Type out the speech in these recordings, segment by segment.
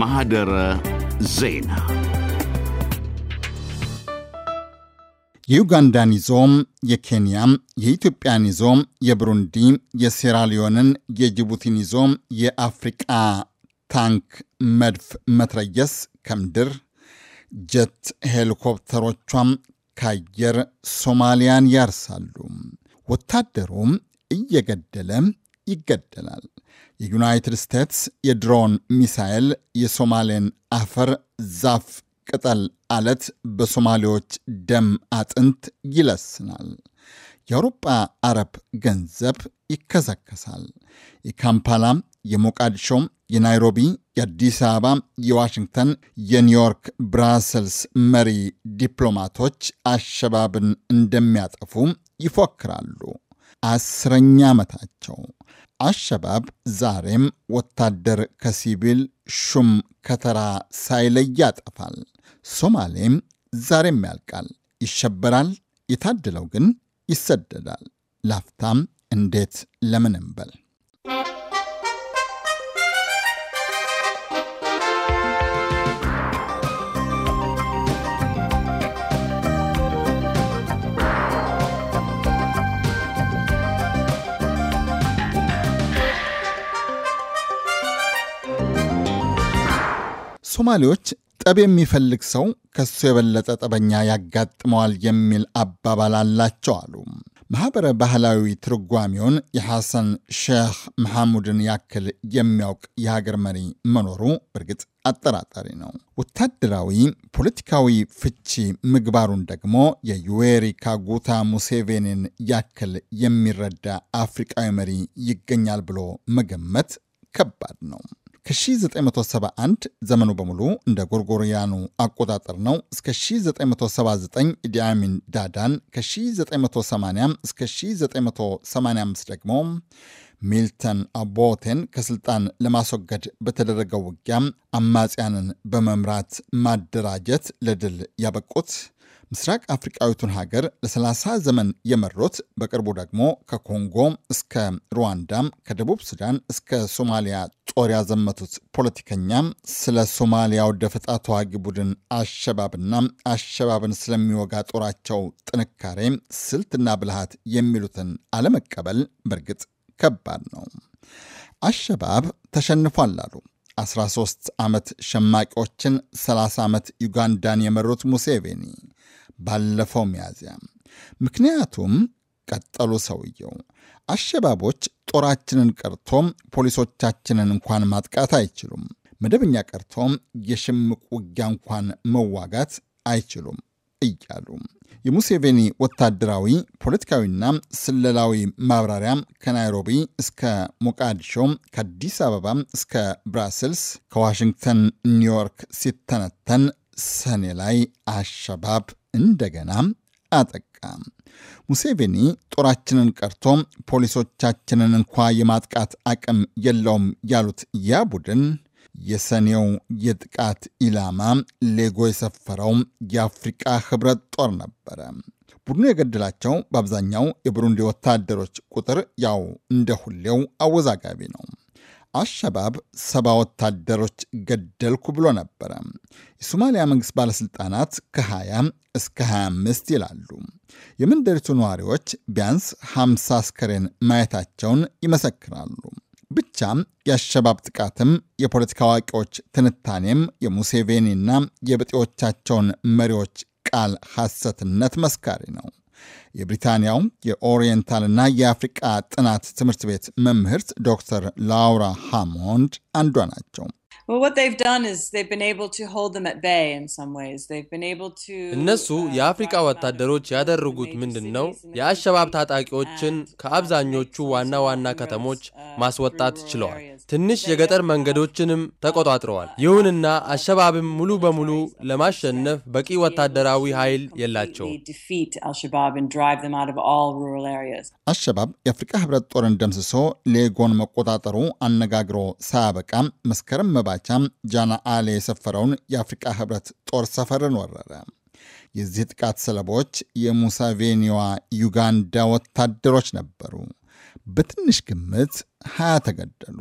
ማህደረ ዜና የዩጋንዳን ይዞ የኬንያ፣ የኢትዮጵያን ይዞ የብሩንዲ፣ የሴራሊዮንን፣ የጅቡቲን ይዞ የአፍሪቃ ታንክ፣ መድፍ፣ መትረየስ ከምድር ጀት ሄሊኮፕተሮቿም ከአየር ሶማሊያን ያርሳሉ። ወታደሩም እየገደለ ይገደላል። የዩናይትድ ስቴትስ የድሮን ሚሳኤል የሶማሌን አፈር፣ ዛፍ፣ ቅጠል፣ አለት በሶማሌዎች ደም አጥንት ይለስናል። የአውሮጳ አረብ ገንዘብ ይከሰከሳል። የካምፓላ፣ የሞቃዲሾ፣ የናይሮቢ፣ የአዲስ አበባ፣ የዋሽንግተን፣ የኒውዮርክ፣ ብራሰልስ መሪ ዲፕሎማቶች አሸባብን እንደሚያጠፉ ይፎክራሉ። አስረኛ ዓመታቸው አሸባብ ዛሬም ወታደር ከሲቪል ሹም ከተራ ሳይለይ ያጠፋል። ሶማሌም ዛሬም ያልቃል፣ ይሸበራል። የታደለው ግን ይሰደዳል። ላፍታም እንዴት ለምን እንበል ሶማሌዎች ጠብ የሚፈልግ ሰው ከሱ የበለጠ ጠበኛ ያጋጥመዋል የሚል አባባል አላቸው አሉ። ማኅበረ ባህላዊ ትርጓሜውን የሐሰን ሼህ መሐሙድን ያክል የሚያውቅ የሀገር መሪ መኖሩ እርግጥ አጠራጣሪ ነው። ወታደራዊ ፖለቲካዊ ፍቺ ምግባሩን ደግሞ የዩዌሪ ካጉታ ሙሴቬኒን ያክል የሚረዳ አፍሪቃዊ መሪ ይገኛል ብሎ መገመት ከባድ ነው። ከ1971 ዘመኑ በሙሉ እንደ ጎርጎሪያኑ አቆጣጠር ነው። እስከ 1979 ኢዲያሚን ዳዳን፣ ከ1980 እስከ 1985 ደግሞ ሚልተን አቦቴን ከስልጣን ለማስወገድ በተደረገው ውጊያ አማጽያንን በመምራት ማደራጀት ለድል ያበቁት ምስራቅ አፍሪቃዊቱን ሀገር ለ30 ዘመን የመሩት በቅርቡ ደግሞ ከኮንጎ እስከ ሩዋንዳም ከደቡብ ሱዳን እስከ ሶማሊያ ጦር ያዘመቱት ፖለቲከኛም ስለ ሶማሊያው ደፈጣ ተዋጊ ቡድን አሸባብና አሸባብን ስለሚወጋ ጦራቸው ጥንካሬ፣ ስልትና ብልሃት የሚሉትን አለመቀበል በእርግጥ ከባድ ነው። አሸባብ ተሸንፏል አሉ 13 ዓመት ሸማቂዎችን 30 ዓመት ዩጋንዳን የመሩት ሙሴቬኒ ባለፈው ሚያዝያ። ምክንያቱም ቀጠሉ ሰውየው፣ አሸባቦች ጦራችንን ቀርቶም ፖሊሶቻችንን እንኳን ማጥቃት አይችሉም። መደበኛ ቀርቶም የሽምቅ ውጊያ እንኳን መዋጋት አይችሉም እያሉ የሙሴቬኒ ወታደራዊ ፖለቲካዊና ስለላዊ ማብራሪያ ከናይሮቢ እስከ ሞቃዲሾ፣ ከአዲስ አበባ እስከ ብራስልስ፣ ከዋሽንግተን ኒውዮርክ ሲተነተን ሰኔ ላይ አሸባብ እንደገናም አጠቃ። ሙሴቬኒ ጦራችንን ቀርቶም ፖሊሶቻችንን እንኳ የማጥቃት አቅም የለውም ያሉት ያ ቡድን የሰኔው የጥቃት ኢላማ ሌጎ የሰፈረው የአፍሪቃ ህብረት ጦር ነበረ። ቡድኑ የገደላቸው በአብዛኛው የብሩንዲ ወታደሮች ቁጥር ያው እንደ ሁሌው አወዛጋቢ ነው። አሸባብ ሰባ ወታደሮች ገደልኩ ብሎ ነበረ። የሶማሊያ መንግሥት ባለሥልጣናት ከ20 እስከ 25 ይላሉ። የመንደሪቱ ነዋሪዎች ቢያንስ 50 አስከሬን ማየታቸውን ይመሰክራሉ። ብቻ የአሸባብ ጥቃትም የፖለቲካ አዋቂዎች ትንታኔም የሙሴቬኒና የብጤዎቻቸውን መሪዎች ቃል ሐሰትነት መስካሪ ነው። የብሪታንያውም የኦሪየንታልና የአፍሪቃ ጥናት ትምህርት ቤት መምህርት ዶክተር ላውራ ሃሞንድ አንዷ ናቸው። እነሱ uh, የአፍሪቃ ወታደሮች ያደረጉት ምንድን ነው? የአሸባብ ታጣቂዎችን ከአብዛኞቹ ዋና ዋና uh, ከተሞች ማስወጣት ችለዋል። ትንሽ የገጠር መንገዶችንም ተቆጣጥረዋል። ይሁንና አሸባብም ሙሉ በሙሉ ለማሸነፍ በቂ ወታደራዊ ኃይል የላቸውም። አሸባብ የአፍሪቃ ህብረት ጦርን ደምስሶ ሌጎን መቆጣጠሩ አነጋግሮ ሳያበቃም መስከረም መባል መባቻ ጃና አሌ የሰፈረውን የአፍሪቃ ህብረት ጦር ሰፈርን ወረረ። የዚህ ጥቃት ሰለቦች የሙሳቬኒዋ ዩጋንዳ ወታደሮች ነበሩ። በትንሽ ግምት ሀያ ተገደሉ።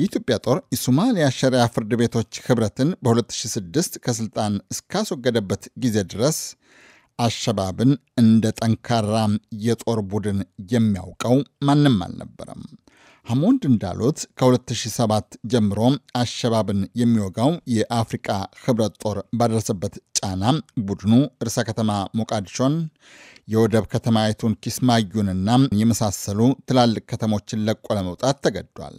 የኢትዮጵያ ጦር የሶማሊያ ሸሪያ ፍርድ ቤቶች ህብረትን በ2006 ከስልጣን እስካስወገደበት ጊዜ ድረስ አሸባብን እንደ ጠንካራ የጦር ቡድን የሚያውቀው ማንም አልነበረም። ሐሞድ እንዳሉት ከ2007 ጀምሮ አሸባብን የሚወጋው የአፍሪቃ ህብረት ጦር ባደረሰበት ጫና ቡድኑ እርሰ ከተማ ሞቃዲሾን የወደብ ከተማይቱን ኪስማዩንና የመሳሰሉ ትላልቅ ከተሞችን ለቆ ለመውጣት ተገዷል።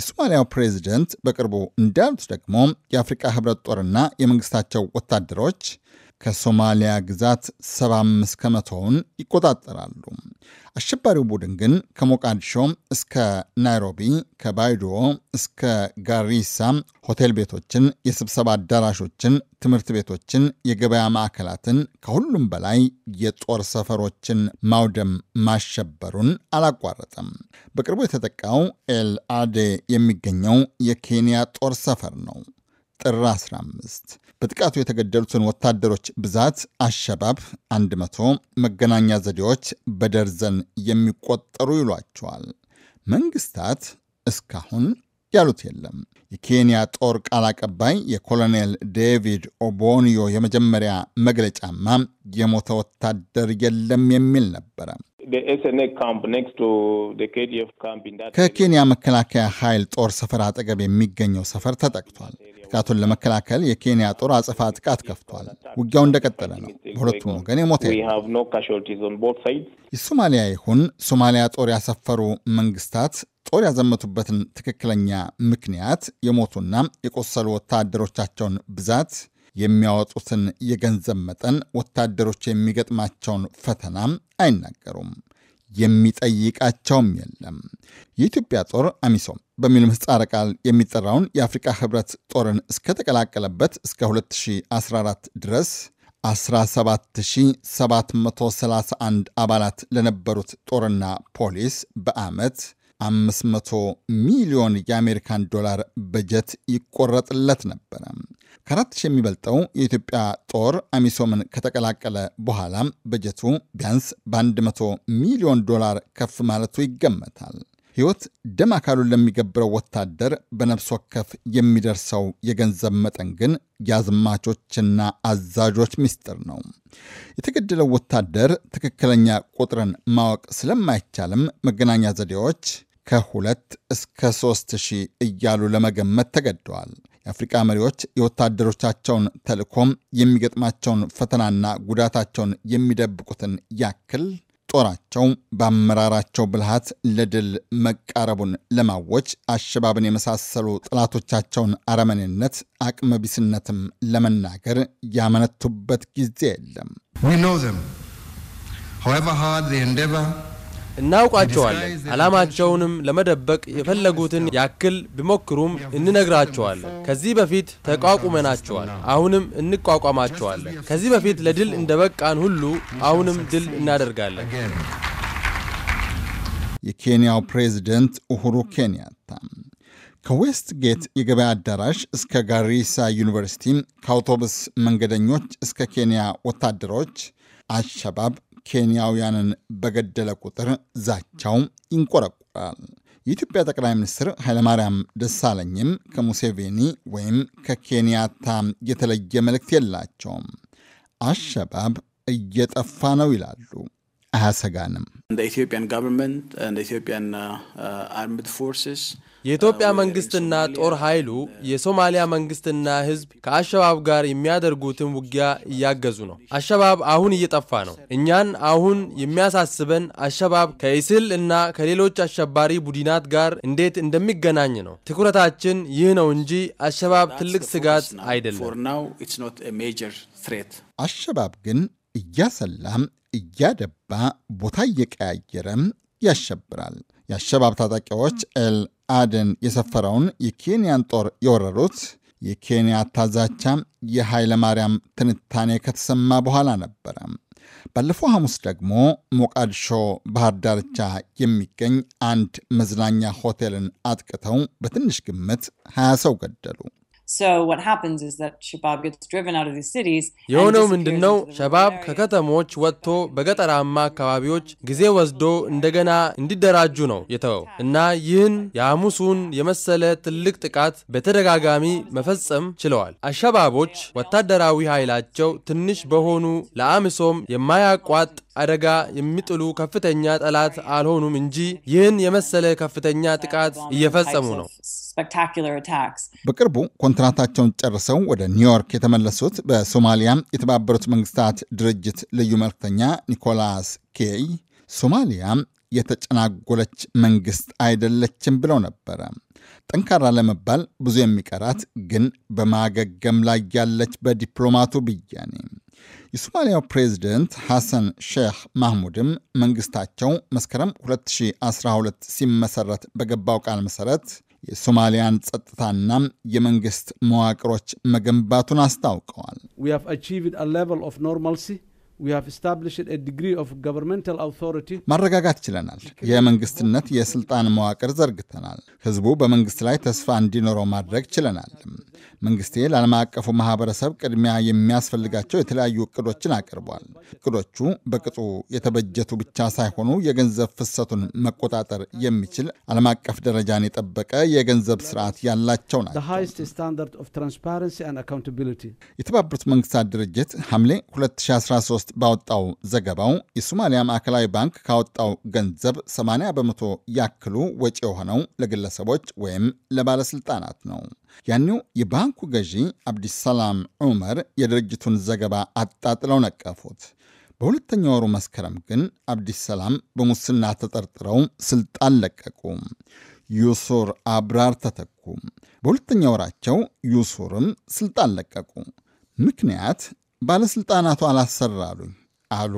የሶማሊያው ፕሬዚደንት በቅርቡ እንዳሉት ደግሞ የአፍሪቃ ህብረት ጦርና የመንግስታቸው ወታደሮች ከሶማሊያ ግዛት 75 ከመቶውን ይቆጣጠራሉ። አሸባሪው ቡድን ግን ከሞቃዲሾ እስከ ናይሮቢ፣ ከባይዶ እስከ ጋሪሳ ሆቴል ቤቶችን፣ የስብሰባ አዳራሾችን፣ ትምህርት ቤቶችን፣ የገበያ ማዕከላትን፣ ከሁሉም በላይ የጦር ሰፈሮችን ማውደም ማሸበሩን አላቋረጠም። በቅርቡ የተጠቃው ኤል አዴ የሚገኘው የኬንያ ጦር ሰፈር ነው። ጥር 15 በጥቃቱ የተገደሉትን ወታደሮች ብዛት አሸባብ 100 መገናኛ ዘዴዎች በደርዘን የሚቆጠሩ ይሏቸዋል። መንግስታት እስካሁን ያሉት የለም። የኬንያ ጦር ቃል አቀባይ የኮሎኔል ዴቪድ ኦቦኒዮ የመጀመሪያ መግለጫማ የሞተ ወታደር የለም የሚል ነበረ። ከኬንያ መከላከያ ኃይል ጦር ሰፈር አጠገብ የሚገኘው ሰፈር ተጠቅቷል። ጥቃቱን ለመከላከል የኬንያ ጦር አጽፋ ጥቃት ከፍቷል። ውጊያው እንደቀጠለ ነው። በሁለቱም ወገን የሞተ የሶማሊያ ይሁን ሶማሊያ ጦር ያሰፈሩ መንግስታት ጦር ያዘመቱበትን ትክክለኛ ምክንያት፣ የሞቱና የቆሰሉ ወታደሮቻቸውን ብዛት የሚያወጡትን የገንዘብ መጠን፣ ወታደሮች የሚገጥማቸውን ፈተና አይናገሩም። የሚጠይቃቸውም የለም። የኢትዮጵያ ጦር አሚሶም በሚል ምህጻረ ቃል የሚጠራውን የአፍሪካ ህብረት ጦርን እስከተቀላቀለበት እስከ 2014 ድረስ 17731 አባላት ለነበሩት ጦርና ፖሊስ በዓመት 500 ሚሊዮን የአሜሪካን ዶላር በጀት ይቆረጥለት ነበረ። ከአራት ሺህ የሚበልጠው የኢትዮጵያ ጦር አሚሶምን ከተቀላቀለ በኋላ በጀቱ ቢያንስ በ100 ሚሊዮን ዶላር ከፍ ማለቱ ይገመታል። ሕይወት ደም አካሉን ለሚገብረው ወታደር በነፍስ ወከፍ የሚደርሰው የገንዘብ መጠን ግን የአዝማቾችና አዛዦች ምስጢር ነው። የተገደለው ወታደር ትክክለኛ ቁጥርን ማወቅ ስለማይቻልም መገናኛ ዘዴዎች ከሁለት እስከ ሦስት ሺህ እያሉ ለመገመት ተገደዋል። የአፍሪቃ መሪዎች የወታደሮቻቸውን ተልእኮም የሚገጥማቸውን ፈተናና ጉዳታቸውን የሚደብቁትን ያክል ጦራቸው በአመራራቸው ብልሃት ለድል መቃረቡን ለማወጅ አሸባብን የመሳሰሉ ጠላቶቻቸውን አረመኔነት፣ አቅመ ቢስነትም ለመናገር ያመነቱበት ጊዜ የለም። እናውቃቸዋለን። ዓላማቸውንም ለመደበቅ የፈለጉትን ያክል ቢሞክሩም እንነግራቸዋለን። ከዚህ በፊት ተቋቁመናቸዋል፣ አሁንም እንቋቋማቸዋለን። ከዚህ በፊት ለድል እንደበቃን ሁሉ አሁንም ድል እናደርጋለን። የኬንያው ፕሬዝደንት ኡሁሩ ኬንያታ ከዌስት ጌት የገበያ አዳራሽ እስከ ጋሪሳ ዩኒቨርሲቲ፣ ከአውቶቡስ መንገደኞች እስከ ኬንያ ወታደሮች አሸባብ ኬንያውያንን በገደለ ቁጥር ዛቻው ይንቆረቆራል። የኢትዮጵያ ጠቅላይ ሚኒስትር ኃይለማርያም ደሳለኝም ከሙሴቬኒ ወይም ከኬንያታ የተለየ መልእክት የላቸውም። አሸባብ እየጠፋ ነው ይላሉ። አያሰጋንም። uh, uh, የኢትዮጵያ መንግስትና ጦር ኃይሉ የሶማሊያ መንግስትና ህዝብ ከአሸባብ ጋር የሚያደርጉትን ውጊያ እያገዙ ነው። አሸባብ አሁን እየጠፋ ነው። እኛን አሁን የሚያሳስበን አሸባብ ከኢስል እና ከሌሎች አሸባሪ ቡድናት ጋር እንዴት እንደሚገናኝ ነው። ትኩረታችን ይህ ነው እንጂ አሸባብ ትልቅ ስጋት አይደለም። አሸባብ ግን እያሰላም እያደባ ቦታ እየቀያየረም ያሸብራል። የአሸባብ ታጣቂዎች ኤል አደን የሰፈረውን የኬንያን ጦር የወረሩት የኬንያ ታዛቻ የኃይለ ማርያም ትንታኔ ከተሰማ በኋላ ነበረ። ባለፈው ሐሙስ ደግሞ ሞቃድሾ ባህር ዳርቻ የሚገኝ አንድ መዝናኛ ሆቴልን አጥቅተው በትንሽ ግምት 20 ሰው ገደሉ። ሸባብ የሆነው ምንድን ነው? ሸባብ ከከተሞች ወጥቶ በገጠራማ አካባቢዎች ጊዜ ወስዶ እንደገና እንዲደራጁ ነው የተወው እና ይህን የሐሙሱን የመሰለ ትልቅ ጥቃት በተደጋጋሚ መፈጸም ችለዋል። አሸባቦች ወታደራዊ ኃይላቸው ትንሽ በሆኑ ለአምሶም የማያቋጥ አደጋ የሚጥሉ ከፍተኛ ጠላት አልሆኑም እንጂ ይህን የመሰለ ከፍተኛ ጥቃት እየፈጸሙ ነው። በቅርቡ ኮንትራታቸውን ጨርሰው ወደ ኒውዮርክ የተመለሱት በሶማሊያ የተባበሩት መንግስታት ድርጅት ልዩ መልክተኛ ኒኮላስ ኬይ ሶማሊያ የተጨናጎለች መንግስት አይደለችም ብለው ነበረ። ጠንካራ ለመባል ብዙ የሚቀራት ግን በማገገም ላይ ያለች በዲፕሎማቱ ብያኔ። የሶማሊያው ፕሬዚደንት ሐሰን ሼህ ማህሙድም መንግስታቸው መስከረም 2012 ሲመሰረት በገባው ቃል መሰረት የሶማሊያን ጸጥታና የመንግስት መዋቅሮች መገንባቱን አስታውቀዋል። ማረጋጋት ችለናል። የመንግስትነት የስልጣን መዋቅር ዘርግተናል። ህዝቡ በመንግስት ላይ ተስፋ እንዲኖረው ማድረግ ችለናል። መንግስቴ ለዓለም አቀፉ ማህበረሰብ ቅድሚያ የሚያስፈልጋቸው የተለያዩ እቅዶችን አቅርቧል። እቅዶቹ በቅጡ የተበጀቱ ብቻ ሳይሆኑ የገንዘብ ፍሰቱን መቆጣጠር የሚችል ዓለም አቀፍ ደረጃን የጠበቀ የገንዘብ ስርዓት ያላቸው ናቸው። የተባበሩት መንግስታት ድርጅት ሐምሌ 2013 መንግስት ባወጣው ዘገባው የሶማሊያ ማዕከላዊ ባንክ ካወጣው ገንዘብ 80 በመቶ ያክሉ ወጪ የሆነው ለግለሰቦች ወይም ለባለስልጣናት ነው። ያኔው የባንኩ ገዢ አብዲሰላም ዑመር የድርጅቱን ዘገባ አጣጥለው ነቀፉት። በሁለተኛ ወሩ መስከረም ግን አብዲሰላም በሙስና ተጠርጥረው ስልጣን ለቀቁ። ዩሱር አብራር ተተኩ። በሁለተኛ ወራቸው ዩሱርም ስልጣን ለቀቁ። ምክንያት ባለሥልጣናቱ አላሰራሉኝ አሉ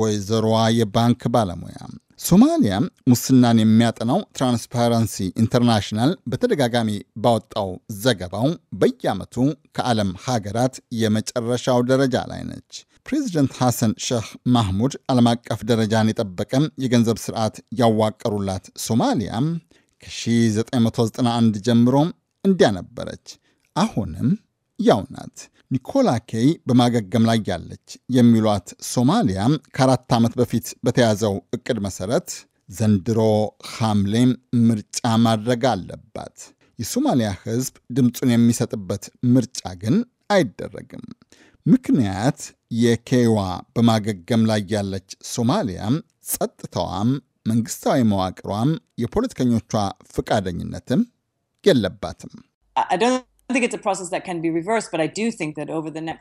ወይዘሮዋ የባንክ ባለሙያ። ሶማሊያ ሙስናን የሚያጠናው ትራንስፓረንሲ ኢንተርናሽናል በተደጋጋሚ ባወጣው ዘገባው በየዓመቱ ከዓለም ሀገራት የመጨረሻው ደረጃ ላይ ነች። ፕሬዚደንት ሐሰን ሼህ ማህሙድ ዓለም አቀፍ ደረጃን የጠበቀ የገንዘብ ስርዓት ያዋቀሩላት ሶማሊያ ከ1991 ጀምሮ እንዲያ ነበረች። አሁንም ያው ናት። ኒኮላ ኬይ በማገገም ላይ ያለች የሚሏት ሶማሊያ ከአራት ዓመት በፊት በተያዘው እቅድ መሰረት ዘንድሮ ሐምሌ ምርጫ ማድረግ አለባት። የሶማሊያ ሕዝብ ድምፁን የሚሰጥበት ምርጫ ግን አይደረግም። ምክንያት የኬዋ በማገገም ላይ ያለች ሶማሊያ ጸጥታዋም፣ መንግስታዊ መዋቅሯም፣ የፖለቲከኞቿ ፈቃደኝነትም የለባትም።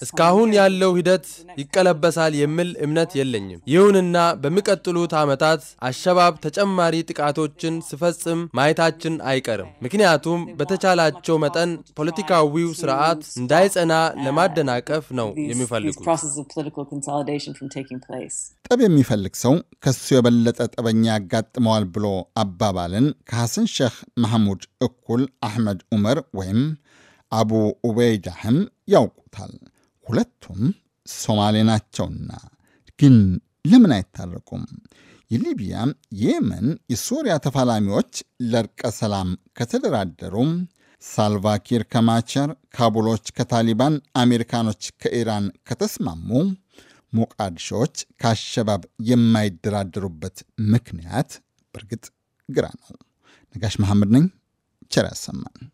እስካሁን ያለው ሂደት ይቀለበሳል የሚል እምነት የለኝም። ይሁንና በሚቀጥሉት ዓመታት አሸባብ ተጨማሪ ጥቃቶችን ስፈጽም ማየታችን አይቀርም። ምክንያቱም በተቻላቸው መጠን ፖለቲካዊው ስርዓት እንዳይጸና ለማደናቀፍ ነው የሚፈልጉት። ጠብ የሚፈልግ ሰው ከሱ የበለጠ ጠበኛ ያጋጥመዋል ብሎ አባባልን ከሐሰን ሼህ መሐሙድ እኩል አሕመድ ዑመር ወይም አቡ ኡበይዳህም ያውቁታል። ሁለቱም ሶማሌ ናቸውና። ግን ለምን አይታረቁም? የሊቢያ፣ የየመን፣ የሶሪያ ተፋላሚዎች ለርቀ ሰላም ከተደራደሩ ሳልቫኪር ከማቸር፣ ካቡሎች ከታሊባን፣ አሜሪካኖች ከኢራን ከተስማሙ ሞቃዲሾዎች ከአሸባብ የማይደራደሩበት ምክንያት በእርግጥ ግራ ነው። ነጋሽ መሐመድ ነኝ። ቸር ያሰማን።